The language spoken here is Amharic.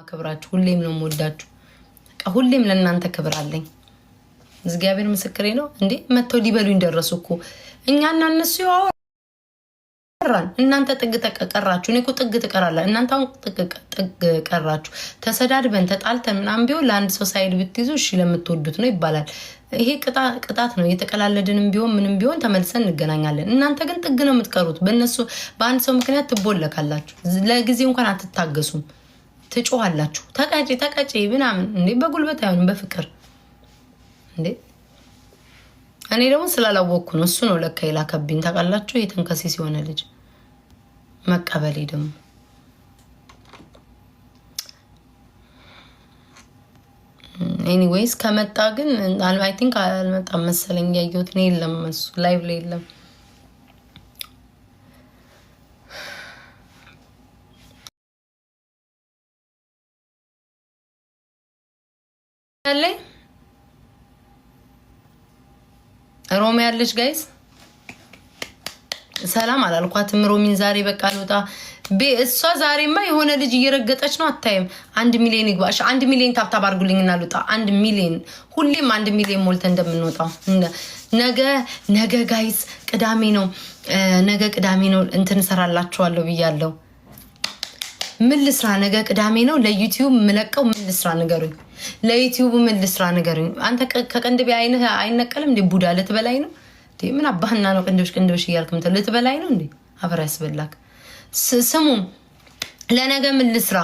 ማክብራችሁ ሁሌም ነው የምወዳችሁ። ሁሌም ለእናንተ ክብር አለኝ። እግዚአብሔር ምስክሬ ነው። እንዴ መጥተው ሊበሉኝ ደረሱ እኮ እኛና እነሱ ቀራን። እናንተ ጥግ ቀራችሁ፣ እኔ እኮ ጥግ ትቀራለ እናንተ አሁን ጥግ ቀራችሁ። ተሰዳድበን ተጣልተን ምናምን ቢሆን ለአንድ ሰው ሳይድ ብትይዙ እሺ ለምትወዱት ነው ይባላል። ይሄ ቅጣት ነው። እየተቀላለድንም ቢሆን ምንም ቢሆን ተመልሰን እንገናኛለን። እናንተ ግን ጥግ ነው የምትቀሩት። በእነሱ በአንድ ሰው ምክንያት ትቦለካላችሁ። ለጊዜው እንኳን አትታገሱም። ትጮኋላችሁ። ተቃጭ ተቃጭ ምናምን እንዴ! በጉልበት አይሆንም በፍቅር እንዴ! እኔ ደግሞ ስላላወቅኩ ነው። እሱ ነው ለካ የላከብኝ። ታውቃላችሁ፣ የተንከሴ ሲሆነ ልጅ መቀበሌ ደግሞ ኤኒዌይስ ከመጣ ግን አይ ቲንክ አልመጣም መሰለኝ። ያየሁት እኔ የለም እሱ ላይቭ ላይ የለም። ያለኝ ሮሚ ያለች ጋይስ ሰላም አላልኳትም። ሮሚን ዛሬ በቃ ልውጣ ቤ እሷ ዛሬማ የሆነ ልጅ እየረገጠች ነው። አታይም? አንድ ሚሊዮን ይግባ። እሺ አንድ ሚሊዮን ታብታብ አድርጉልኝና ልውጣ። አንድ ሚሊዮን ሁሌም አንድ ሚሊዮን ሞልተ እንደምንወጣው ነገ ነገ ጋይስ ቅዳሜ ነው። ነገ ቅዳሜ ነው እንትን እሰራላችኋለሁ ብያለሁ። ምን ልስራ? ነገ ቅዳሜ ነው። ለዩቲዩብ የምለቀው ምን ልስራ ንገሩኝ። ለዩቲዩብ ምን ልስራ ንገሩኝ። አንተ ከቅንድቤ አይንህ አይነቀልም እንዴ? ቡዳ ልትበላይ ነው ምን አባህና ነው ቅንድብሽ ቅንድብሽ እያልክ ምትል ልትበላይ ነው እንዴ? አፈር ያስበላክ። ስሙ ለነገ ምን ልስራ